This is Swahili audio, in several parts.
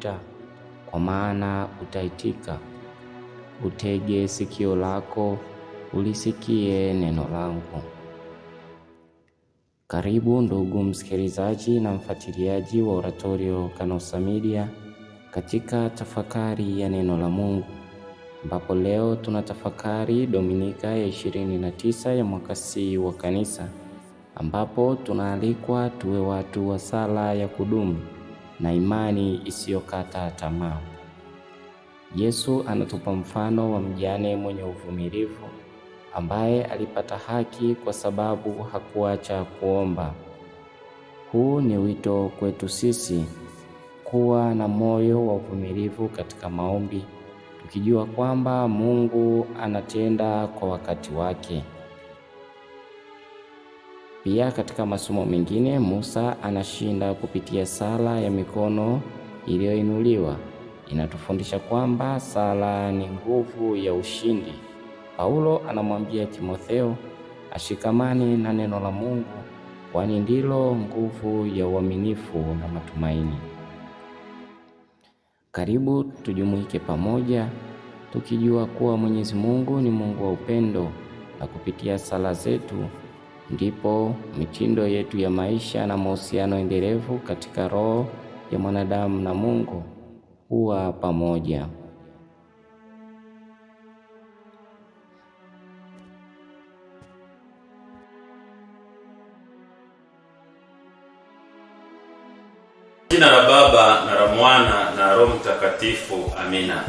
kuita, kwa maana utaitika. Utege sikio lako ulisikie neno langu. Karibu ndugu msikilizaji na mfuatiliaji wa Oratorio Kanosa Media katika tafakari ya neno la Mungu ambapo leo tunatafakari Dominika ya ishirini na tisa ya mwaka C wa Kanisa, ambapo tunaalikwa tuwe watu wa sala ya kudumu na imani isiyokata tamaa. Yesu anatupa mfano wa mjane mwenye uvumilivu ambaye alipata haki kwa sababu hakuacha kuomba. Huu ni wito kwetu sisi kuwa na moyo wa uvumilivu katika maombi, tukijua kwamba Mungu anatenda kwa wakati wake. Pia katika masomo mengine Musa anashinda kupitia sala ya mikono iliyoinuliwa. Inatufundisha kwamba sala ni nguvu ya ushindi. Paulo anamwambia Timotheo ashikamani na neno la Mungu kwani ndilo nguvu ya uaminifu na matumaini. Karibu tujumuike pamoja tukijua kuwa Mwenyezi Mungu ni Mungu wa upendo na kupitia sala zetu ndipo mitindo yetu ya maisha na mahusiano endelevu katika roho ya mwanadamu na Mungu huwa pamoja. Jina la Baba na la Mwana na Roho Mtakatifu, amina.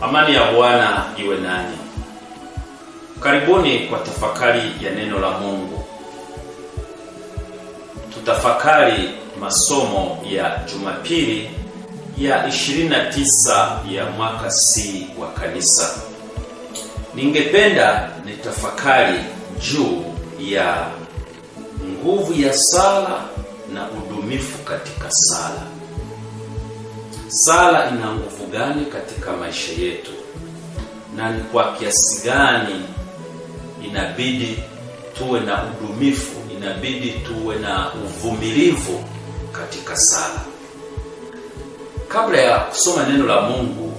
Amani ya Bwana iwe nani Karibuni kwa tafakari ya neno la Mungu tutafakari masomo ya Jumapili ya 29 ya mwaka C wa kanisa. Ningependa nitafakari juu ya nguvu ya sala na udumifu katika sala. Sala ina nguvu gani katika maisha yetu, na ni kwa kiasi gani inabidi tuwe na udumifu inabidi tuwe na uvumilivu katika sala. Kabla ya kusoma neno la Mungu,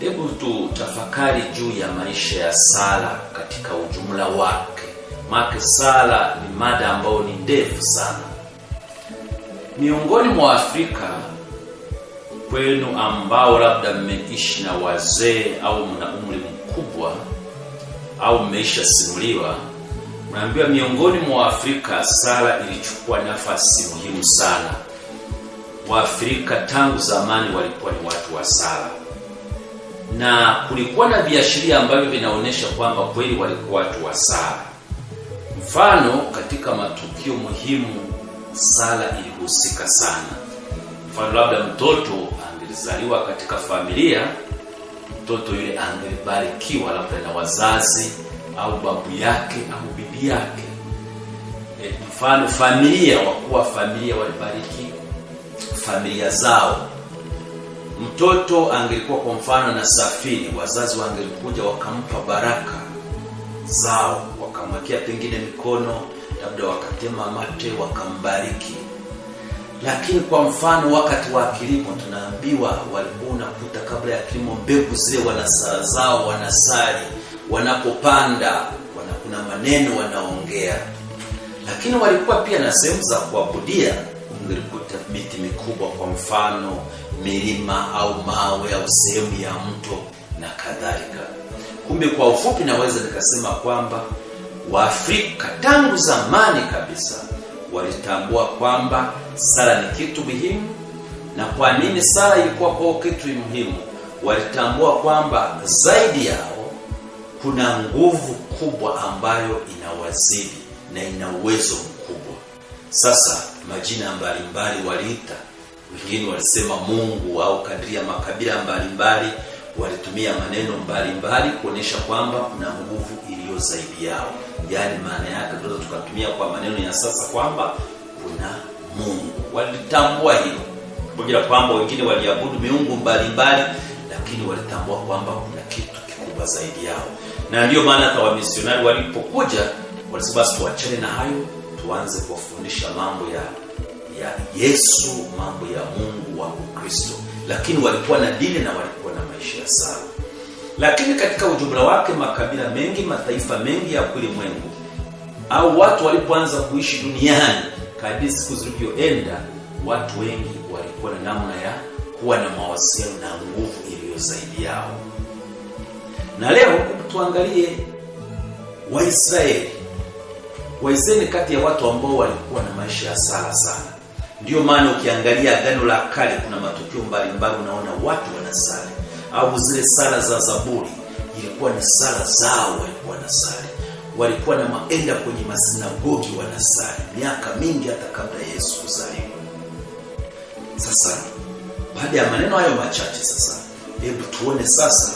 hebu tutafakari juu ya maisha ya sala katika ujumla wake, maana sala ni mada ambayo ni ndefu sana. Miongoni mwa Afrika kwenu ambao labda mmeishi na wazee au mna umri mkubwa au mmeisha simuliwa unaambiwa miongoni mwa Waafrika sala ilichukua nafasi muhimu sana. Waafrika tangu zamani walikuwa ni watu wa sala, na kulikuwa na viashiria ambavyo vinaonyesha kwamba kweli walikuwa watu wa sala. Mfano, katika matukio muhimu sala ilihusika sana. Mfano, labda mtoto angelizaliwa katika familia, mtoto yule angelibarikiwa labda na wazazi au babu yake au yake. E, mfano familia wakuwa familia walibariki familia zao. Mtoto angelikuwa kwa mfano na safiri, wazazi wangelikuja wakampa baraka zao, wakamwekea pengine mikono, labda wakatema mate, wakambariki. Lakini kwa mfano wakati wa kilimo tunaambiwa, walikuwa unakuta kabla ya kilimo mbegu zile wanasaa zao wanasali wanapopanda kuna maneno wanaongea, lakini walikuwa pia na sehemu za kuabudia ilikuta miti mikubwa, kwa mfano milima au mawe au sehemu ya mto na kadhalika. Kumbe kwa ufupi, naweza nikasema kwamba Waafrika tangu zamani kabisa walitambua kwamba sala ni kitu muhimu. Na kwa nini sala ilikuwa kwao kitu muhimu? Walitambua kwamba zaidi ya kuna nguvu kubwa ambayo inawazidi na ina uwezo mkubwa. Sasa majina mbalimbali waliita, wengine walisema Mungu au kadri ya makabila mbalimbali walitumia maneno mbalimbali kuonyesha kwamba kuna nguvu iliyo zaidi yao, yaani maana yake tunaweza tukatumia kwa maneno ya sasa kwamba kuna Mungu. Walitambua hilo pamoja kwamba wengine waliabudu miungu mbalimbali, lakini walitambua kwamba kuna kitu kikubwa zaidi yao na ndiyo maana hata wamisionari walipokuja walisema basi tuachane na hayo, tuanze kuwafundisha mambo ya ya Yesu, mambo ya Mungu wa Ukristo, lakini walikuwa na dini na walikuwa na maisha ya sala. Lakini katika ujumla wake, makabila mengi, mataifa mengi ya kulimwengu au watu walipoanza kuishi duniani, kadri siku zilivyoenda, watu wengi walikuwa na namna ya kuwa na mawasiliano na nguvu iliyo zaidi yao. Na leo tuangalie Waisraeli. Waisraeli kati ya watu ambao walikuwa na maisha ya sala sana. Ndiyo maana ukiangalia Agano la Kale kuna matukio mbalimbali, unaona watu wanasali au zile sala za Zaburi ilikuwa ni sala zao, walikuwa wanasali, walikuwa na maenda kwenye masinagogi wanasali, miaka mingi hata kabla Yesu kuzaliwa. Sasa baada ya maneno hayo machache, sasa hebu tuone sasa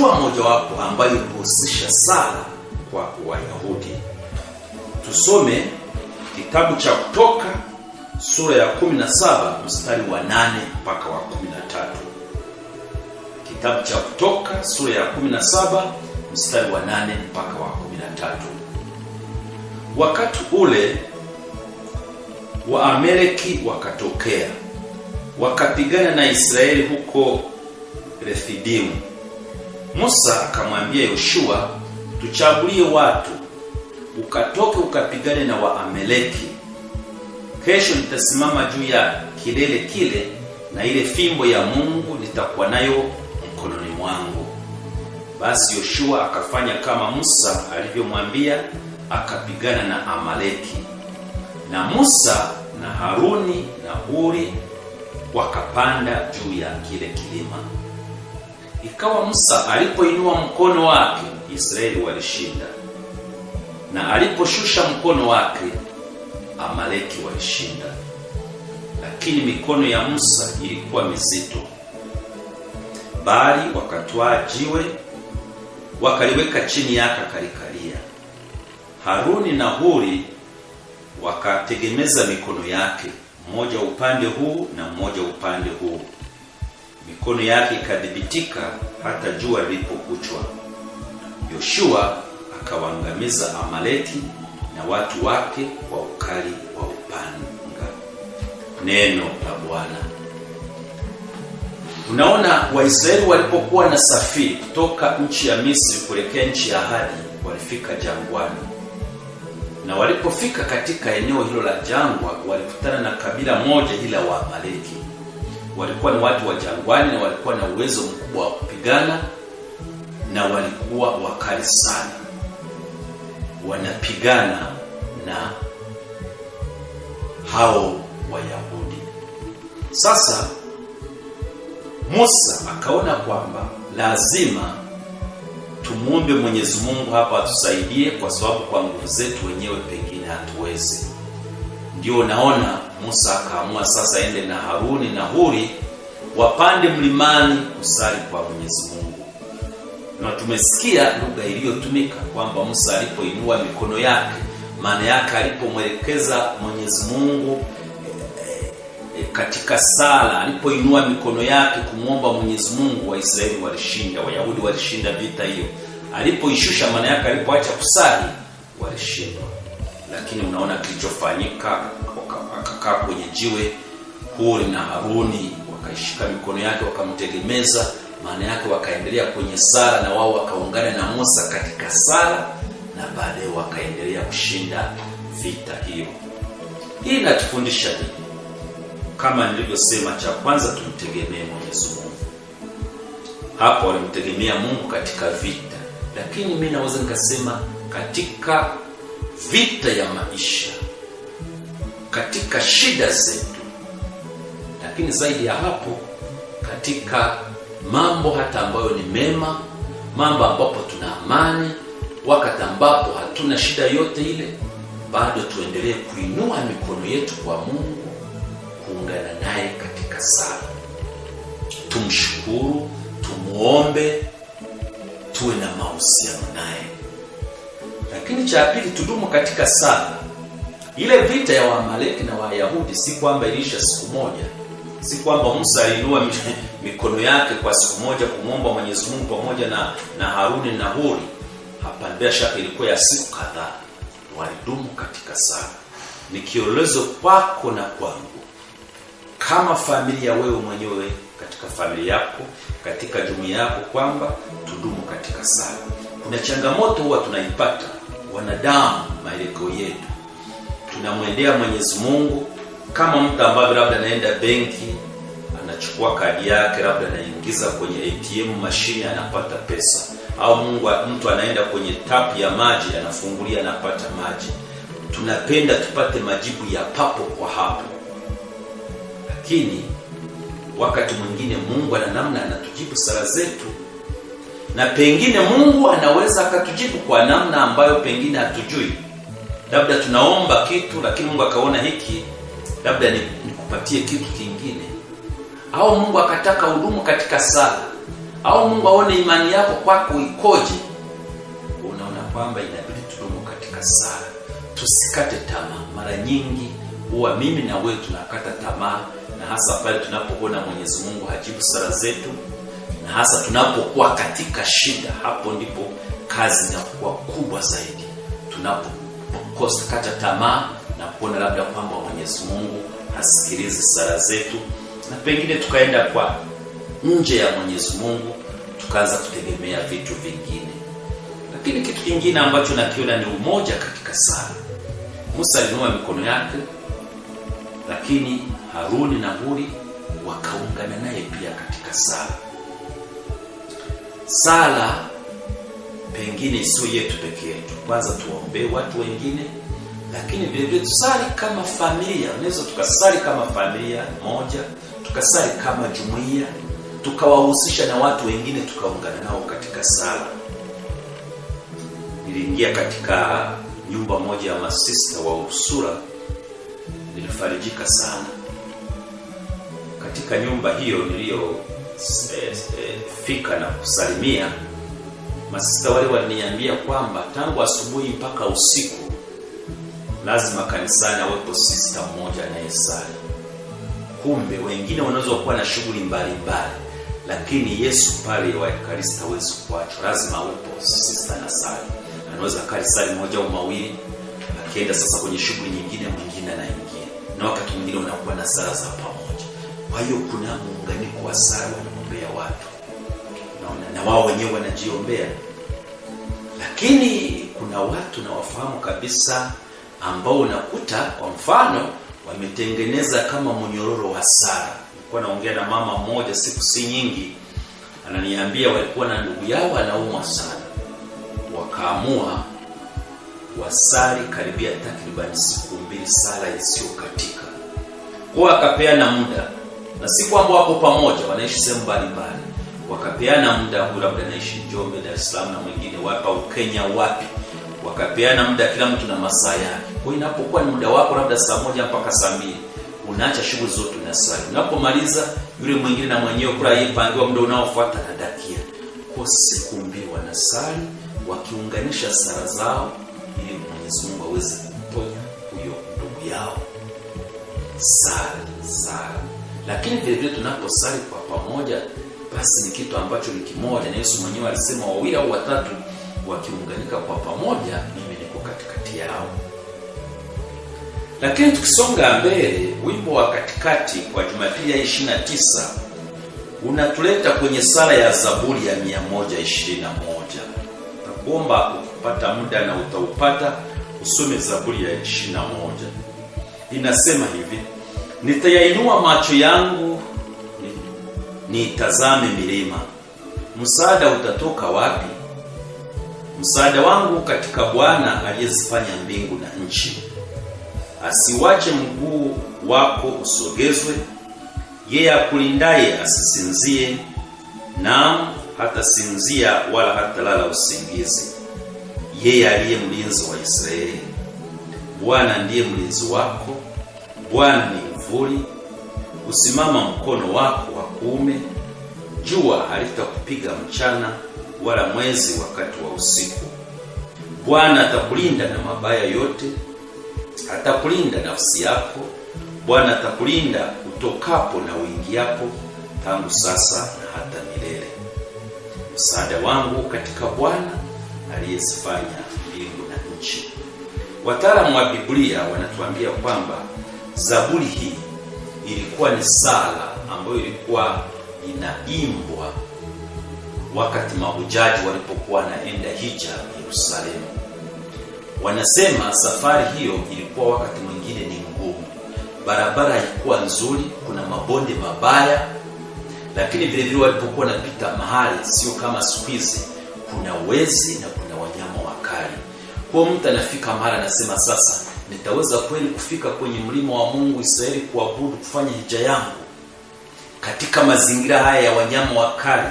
hatua mojawapo ambayo huhusisha sana kwa Wayahudi. Tusome kitabu cha Kutoka sura ya 17 mstari wa 8 mpaka wa 13. Kitabu cha Kutoka sura ya 17 mstari wa 8 mpaka wa 13. Wakati ule Waameleki wakatokea wakapigana na Israeli huko Refidimu Musa akamwambia Yoshua, tuchagulie watu ukatoke ukapigane na Waameleki. Kesho nitasimama juu ya kilele kile na ile fimbo ya Mungu nitakuwa nayo mkononi mwangu. Basi Yoshua akafanya kama Musa alivyomwambia, akapigana na Amaleki. Na Musa na Haruni na Huri wakapanda juu ya kile kilima. Ikawa Musa alipoinua mkono wake, Israeli walishinda, na aliposhusha mkono wake, Amaleki walishinda. Lakini mikono ya Musa ilikuwa mizito, bali wakatwaa jiwe wakaliweka chini yake, akalikalia. Haruni na Huri wakategemeza mikono yake, mmoja upande huu na mmoja upande huu mikono yake ikadhibitika hata jua lilipokuchwa. Yoshua akawaangamiza Amaleki na watu wake kwa ukali wa upanga. Neno la Bwana. Unaona, Waisraeli walipokuwa na safiri kutoka nchi ya Misri kuelekea nchi ya ahadi, walifika jangwani, na walipofika katika eneo hilo la jangwa, walikutana na kabila moja ila Waamaleki walikuwa ni watu wa jangwani na walikuwa na uwezo mkubwa wa kupigana na walikuwa wakali sana, wanapigana na hao Wayahudi. Sasa Musa akaona kwamba lazima tumuombe Mwenyezi Mungu hapa atusaidie, kwa sababu kwa nguvu zetu wenyewe pengine hatuwezi. Ndio unaona Musa akaamua sasa ende na Haruni na Huri wapande mlimani kusali kwa Mwenyezi Mungu, na tumesikia lugha iliyotumika kwamba Musa alipoinua mikono yake, maana yake alipomwelekeza Mwenyezi Mungu eh, eh, katika sala alipoinua mikono yake kumwomba Mwenyezi Mungu, Waisraeli walishinda, Wayahudi walishinda vita hiyo. Alipoishusha, maana yake alipoacha kusali walishindwa. Lakini unaona kilichofanyika akakaa kwenye jiwe Huri na Haruni wakaishika mikono yake wakamtegemeza. Maana yake wakaendelea kwenye sala, na wao wakaungana na Musa katika sala, na baadaye wakaendelea kushinda vita hiyo. Hii inatufundisha nini? Kama nilivyosema, cha kwanza tumtegemee Mwenyezi Mungu. Hapo walimtegemea Mungu katika vita, lakini mimi naweza nikasema katika vita ya maisha katika shida zetu, lakini zaidi ya hapo, katika mambo hata ambayo ni mema, mambo ambapo tuna amani, wakati ambapo hatuna shida yote ile, bado tuendelee kuinua mikono yetu kwa Mungu, kuungana naye katika sala, tumshukuru, tumuombe, tuwe na mahusiano naye. Lakini cha pili, tudumu katika sala ile vita ya wamaleki na Wayahudi si kwamba iliisha siku moja, si kwamba Musa aliinua mikono yake kwa siku moja kumwomba Mwenyezi Mungu pamoja na, na Haruni na Huri. Hapana, bila shaka ilikuwa ya siku kadhaa, walidumu katika sana Ni kielelezo kwako na kwangu kama familia, wewe mwenyewe katika familia yako, katika jumuiya yako, kwamba tudumu katika sala. Kuna changamoto huwa tunaipata wanadamu, maelekeo yetu tunamwendea Mwenyezi Mungu kama mtu ambavyo labda anaenda benki anachukua kadi yake labda anaingiza kwenye ATM mashine anapata pesa, au Mungu mtu anaenda kwenye tap ya maji anafungulia anapata maji. Tunapenda tupate majibu ya papo kwa hapo, lakini wakati mwingine Mungu ana namna anatujibu sala zetu, na pengine Mungu anaweza akatujibu kwa namna ambayo pengine hatujui labda tunaomba kitu lakini Mungu akaona hiki labda nikupatie kitu kingine, au Mungu akataka hudumu katika sala, au Mungu aone imani yako kwako ikoje. Unaona kwamba inabidi tudumu katika sala, tusikate tamaa. Mara nyingi huwa mimi na wewe tunakata tamaa, na hasa pale tunapoona Mwenyezi Mungu hajibu sala zetu, na hasa tunapokuwa katika shida. Hapo ndipo kazi inakuwa kubwa zaidi tunapo kukata tamaa na kuona labda kwamba Mwenyezi Mungu hasikilizi sala zetu, na pengine tukaenda kwa nje ya Mwenyezi Mungu tukaanza kutegemea vitu vingine. Lakini kitu kingine ambacho nakiona ni umoja katika sala. Musa alinua mikono yake, lakini Haruni na Huri wakaungana naye pia katika sala. Sala pengine sio yetu peke yetu. Kwanza tuwaombee watu wengine, lakini vile vile tusali kama familia. Unaweza tukasali kama familia moja, tukasali kama jumuiya, tukawahusisha na watu wengine, tukaungana nao katika sala. Niliingia katika nyumba moja ya masista wa Usura, nilifarijika sana katika nyumba hiyo niliyofika eh, eh, e, e, na kusalimia masista wale waliniambia kwamba tangu asubuhi mpaka usiku lazima kanisani awepo sista mmoja anayesali. Kumbe wengine wanaweza kuwa na shughuli mbalimbali, lakini Yesu pale wa wezi hawezi kuachwa, lazima awepo sista na sali. Anaweza kali sali moja au mawili, akienda sasa kwenye shughuli nyingine, mwingine na ingine, na wakati mwingine unakuwa na sala za pamoja. Kwa hiyo kuna muunganiko wa sala wao wenyewe wanajiombea, lakini kuna watu nawafahamu kabisa ambao unakuta kwa mfano wametengeneza kama mnyororo wa sara. Nilikuwa naongea na mama mmoja siku si nyingi, ananiambia walikuwa na ndugu yao anaumwa sana, wakaamua wasari karibia takribani siku mbili sala isiyokatika, kwa akapeana muda na siku ambao wako pamoja, wanaishi sehemu mbalimbali wakapeana muda huu, labda naishi Njombe, Dar es Salaam na mwingine wapi au Kenya wapi, wakapeana muda, kila mtu na masaa yake. Kwa inapokuwa ni muda wako, labda saa moja mpaka saa mbili unaacha shughuli zote unasali. Unapomaliza yule mwingine na mwenyewe kula ipangiwa muda unaofuata nadakia kwa siku mbili wanasali wakiunganisha sala zao, ili Mwenyezi Mungu aweze kumponya huyo ndugu yao. Sali sali, lakini vile vile tunaposali kwa pamoja basi ni kitu ambacho ni kimoja, na Yesu mwenyewe alisema wawili au watatu wakiunganika kwa pamoja, mimi niko katikati yao. Lakini tukisonga mbele, wimbo wa katikati kwa Jumapili ya 29 unatuleta kwenye sala ya Zaburi ya 121. takomba ukipata muda na utaupata, usome Zaburi ya 21. Inasema hivi: nitayainua macho yangu niitazame milima, msaada utatoka wapi? Msaada wangu katika Bwana aliyezifanya mbingu na nchi. Asiwache mguu wako usogezwe, yeye akulindaye asisinzie, naam sinzia wala hatalala usingizi. Yeye aliye mlinzi wa Israeli. Bwana ndiye mlinzi wako, Bwana ni mvuli, usimama mkono wako kuume, jua halitakupiga mchana, wala mwezi wakati wa usiku. Bwana atakulinda na mabaya yote, atakulinda nafsi yako. Bwana atakulinda utokapo na uingiapo, tangu sasa na hata milele. Msaada wangu katika Bwana aliyezifanya mbingu na nchi. Wataalamu wa Biblia wanatuambia kwamba Zaburi hii ilikuwa ni sala ambayo ilikuwa inaimbwa wakati mahujaji walipokuwa wanaenda hija Yerusalemu. Wanasema safari hiyo ilikuwa wakati mwingine ni ngumu, barabara ilikuwa nzuri, kuna mabonde mabaya, lakini vile vile walipokuwa wanapita mahali, sio kama siku hizi, kuna wezi na kuna wanyama wakali. Kwa mtu anafika mahali anasema, sasa nitaweza kweli kufika kwenye mlima wa Mungu Israeli kuabudu, kufanya hija yangu? katika mazingira haya ya wanyama wakali,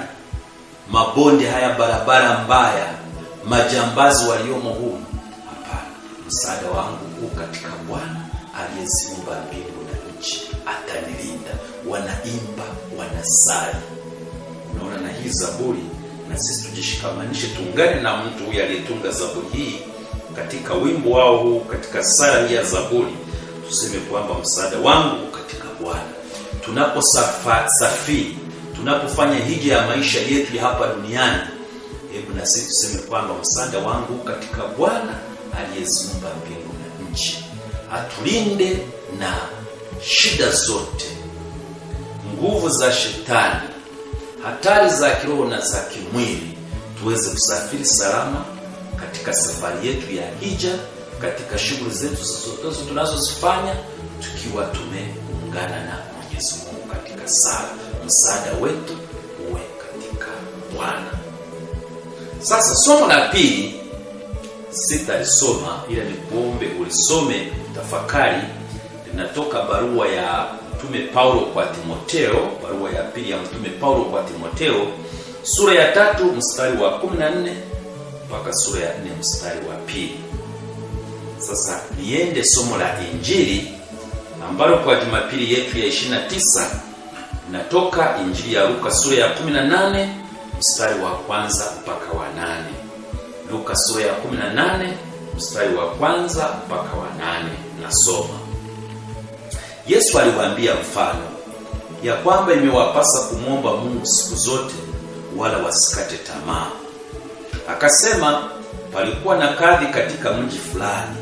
mabonde haya, barabara mbaya, majambazi waliomo humu. Hapana, msaada wangu huu katika Bwana aliyeziumba mbingu na nchi, atanilinda. Wanaimba, wanasali. Unaona, na hii zaburi na sisi tujishikamanishe, tuungane na mtu huyu aliyetunga zaburi hii katika wimbo wao huu, katika sala hii ya zaburi, tuseme kwamba msaada wangu katika Bwana tunaposafiri, tunapofanya hija ya maisha yetu ya hapa duniani, hebu na sisi tuseme kwamba msanda wangu katika Bwana aliyezumba mbingu na nchi. Atulinde na shida zote, nguvu za shetani, hatari za kiroho na za kimwili, tuweze kusafiri salama katika safari yetu ya hija, katika shughuli zetu zote tunazozifanya tukiwa tumeungana na Mwenyezi Mungu katika sala. Msaada wetu uwe katika Bwana. Sasa somo la pili sitalisoma, ila nikuombe ulisome, tafakari. Linatoka barua ya Mtume Paulo kwa Timoteo, barua ya pili ya Mtume Paulo kwa Timoteo sura ya tatu mstari wa 14 mpaka sura ya 4 mstari wa pili. Sasa niende somo la Injili ambalo kwa Jumapili yetu ya 29 inatoka Injili ya Luka sura ya 18 mstari wa kwanza mpaka wa nane. Luka sura ya 18 mstari wa kwanza mpaka wa nane, nasoma. Yesu aliwaambia mfano ya kwamba imewapasa kumwomba Mungu siku zote, wala wasikate tamaa. Akasema, palikuwa na kadhi katika mji fulani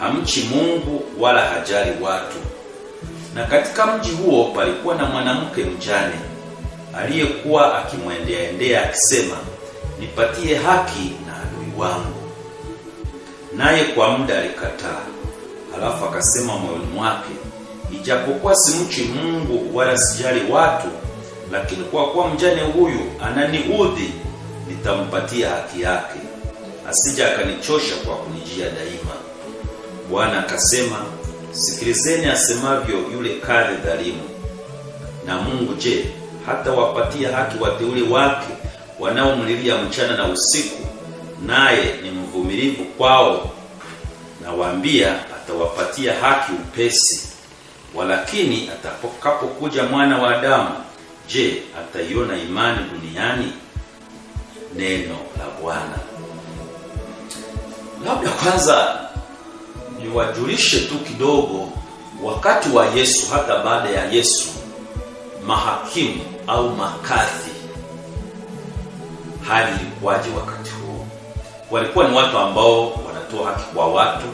hamchi Mungu wala hajali watu. Na katika mji huo palikuwa na mwanamke mjane aliyekuwa akimwendea endea akisema, nipatie haki na adui wangu. Naye kwa muda alikataa, halafu akasema moyoni mwake, ijapokuwa simchi Mungu wala sijali watu, lakini kwa kuwa mjane huyu ananiudhi, nitampatia haki yake, asije akanichosha kwa kunijia daima. Bwana akasema, sikilizeni asemavyo yule kale dhalimu. Na Mungu je, hata wapatia haki wateule wake wanaomlilia mchana na usiku, naye ni mvumilivu kwao? Nawaambia, atawapatia haki upesi. Walakini atakapokuja mwana wa Adamu, je, ataiona imani duniani? Neno la Bwana. Labda kwanza niwajulishe tu kidogo, wakati wa Yesu hata baada ya Yesu, mahakimu au makadhi, hali ilikuwaje wakati huo? Walikuwa ni watu ambao wanatoa haki kwa watu,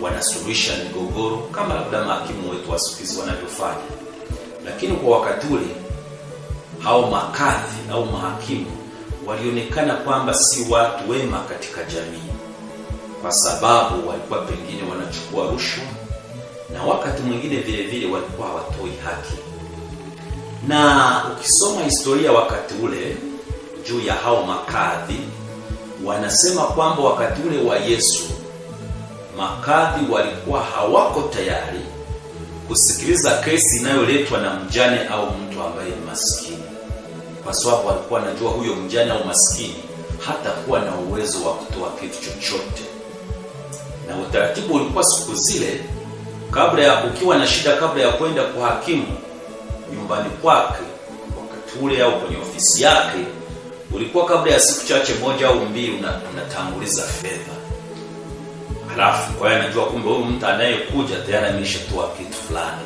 wanasuluhisha migogoro kama labda mahakimu wetu wa siku hizi wanavyofanya, lakini kwa wakati ule hao makadhi au mahakimu walionekana kwamba si watu wema katika jamii kwa sababu walikuwa pengine wanachukua rushwa na wakati mwingine vile vile walikuwa watoi haki. Na ukisoma historia wakati ule juu ya hao makadhi, wanasema kwamba wakati ule wa Yesu makadhi walikuwa hawako tayari kusikiliza kesi inayoletwa na mjane au mtu ambaye ni maskini, kwa sababu walikuwa wanajua huyo mjane au maskini kuwa na uwezo wa kutoa kitu chochote na utaratibu ulikuwa siku zile, kabla ya ukiwa na shida, kabla ya kwenda hakimu nyumbani kwake wakati ule au kwenye ofisi yake, ulikuwa kabla ya siku chache moja au mbili, unatanguliza una fedha, halafu kwa hiyo anajua kumbe huyu mtu anayekuja tayari ameshatoa kitu fulani.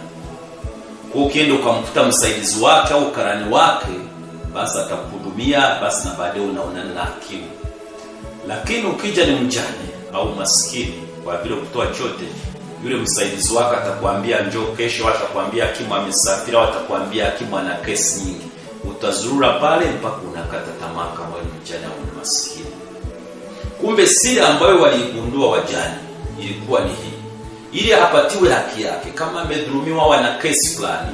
Kwa ukienda ukamkuta msaidizi wake au karani wake, basi atakuhudumia, basi na baadaye unaonana na hakimu. Lakini ukija ni mjane au maskini kwa vile kutoa chote, yule msaidizi wako atakwambia njoo kesho, atakwambia akimu amesafira atakwambia akimu ana kesi nyingi. Utazurura pale mpaka unakata tamaa kama ni mjane wa masikini Kumbe siri ambayo waliigundua wajani ilikuwa ni hii, ili apatiwe haki yake, kama amedhulumiwa, wana kesi fulani,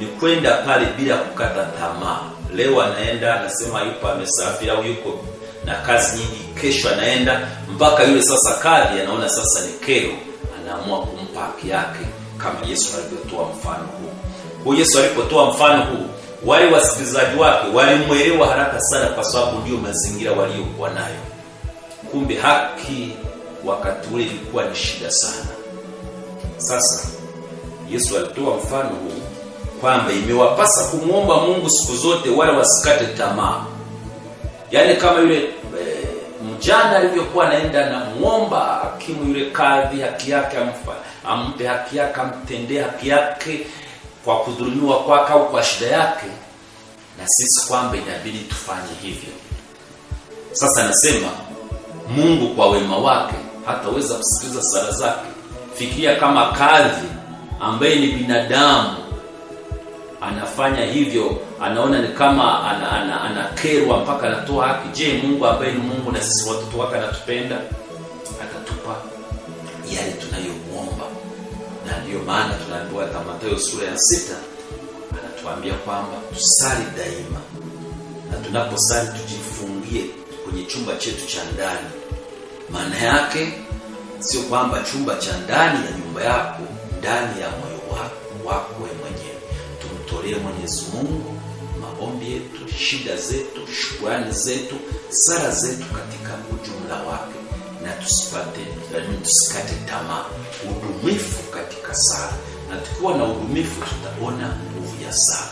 ni kwenda pale bila kukata tamaa. Leo anaenda anasema yupo amesafira au yuko na kazi nyingi, kesho anaenda mpaka yule sasa kadhi anaona sasa ni kero, anaamua kumpa haki yake kama Yesu alivyotoa mfano huu. Huyu Yesu alipotoa mfano huu, wale wasikilizaji wake walimwelewa haraka sana, kwa sababu ndio mazingira waliokuwa nayo. Kumbe haki wakati ule ilikuwa ni shida sana. Sasa Yesu alitoa mfano huu kwamba imewapasa kumwomba Mungu siku zote, wala wasikate tamaa yaani kama yule e, mjana alivyokuwa anaenda namwomba hakimu yule kadhi haki yake amfa, ampe haki yake amtendee haki yake kwa kudhulumiwa kwake au kwa shida yake, na sisi kwamba inabidi tufanye hivyo. Sasa nasema Mungu kwa wema wake hataweza kusikiliza sala zake. Fikiria kama kadhi ambaye ni binadamu anafanya hivyo, anaona ni kama anakerwa ana, ana, ana mpaka anatoa haki. Je, Mungu ambaye ni Mungu na sisi watoto wake anatupenda, atatupa yale tunayomwomba? Na ndiyo maana tunaambiwa hata Mathayo sura ya sita anatuambia kwamba tusali daima, na tunaposali tujifungie kwenye chumba chetu cha ndani. Maana yake sio kwamba chumba cha ndani ya nyumba yako, ndani ya moyo wako wako mwenyewe tumtolee Mwenyezi Mungu maombi yetu, shida zetu, shukrani zetu, sala zetu katika ujumla wake, na tusipate tusikate tamaa, udumifu katika sala. Na tukiwa na udumifu, tutaona nguvu ya sala,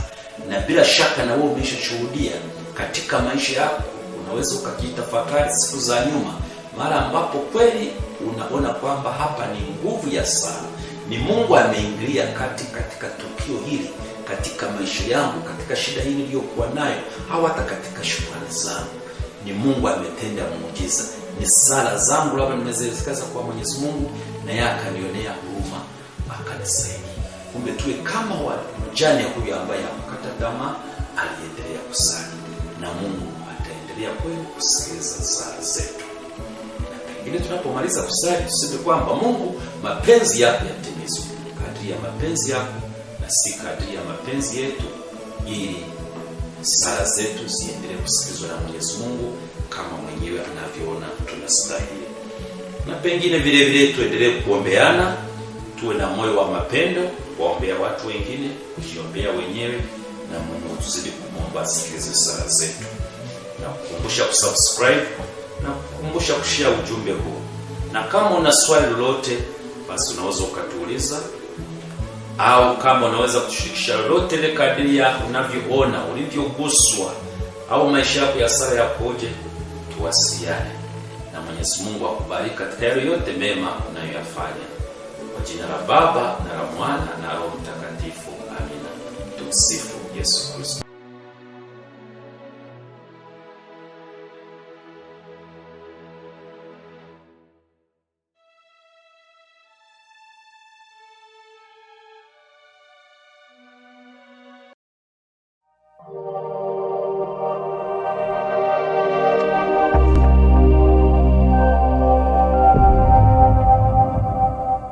na bila shaka na wewe umeshashuhudia katika maisha yako, unaweza ukajitafakari siku za nyuma, mara ambapo kweli unaona kwamba hapa ni nguvu ya sala, ni Mungu ameingilia kati katika tukio hili katika maisha yangu, katika shida hii niliyokuwa nayo, au hata katika shughuli zangu. Ni Mungu ametenda muujiza, ni sala zangu labda nimezielekeza kwa Mwenyezi Mungu, na yeye akanionea huruma, akanisaidia. Kumbe tuwe kama wale mjane huyu ambaye hakukata dama aliendelea kusali na Mungu ataendelea kweli kusikiliza sala zetu. Ili tunapomaliza kusali tuseme kwamba Mungu, mapenzi yako yatimizwe kadri ya mapenzi yako si kadri ya mapenzi yetu, ili sala zetu ziendelee kusikizwa na Mwenyezi Mungu kama mwenyewe anavyoona tunastahili. Na pengine vile vile tuendelee kuombeana, tuwe na moyo wa mapendo, kuombea watu wengine, kujiombea wenyewe, na Mungu tuzidi kumwomba asikilize sala zetu, na kukumbusha kusubscribe na kukumbusha kushare ujumbe huu, na kama una swali lolote, basi unaweza ukatuuliza au kama unaweza kushirikisha lolote ile kadiri ya unavyoona ulivyoguswa au maisha yako ya sala yakoje, tuwasiliane na Mwenyezi Mungu akubariki katika yale yote mema unayoyafanya, kwa jina la Baba na la Mwana na Roho Mtakatifu, amina. Tumsifu Yesu Kristo.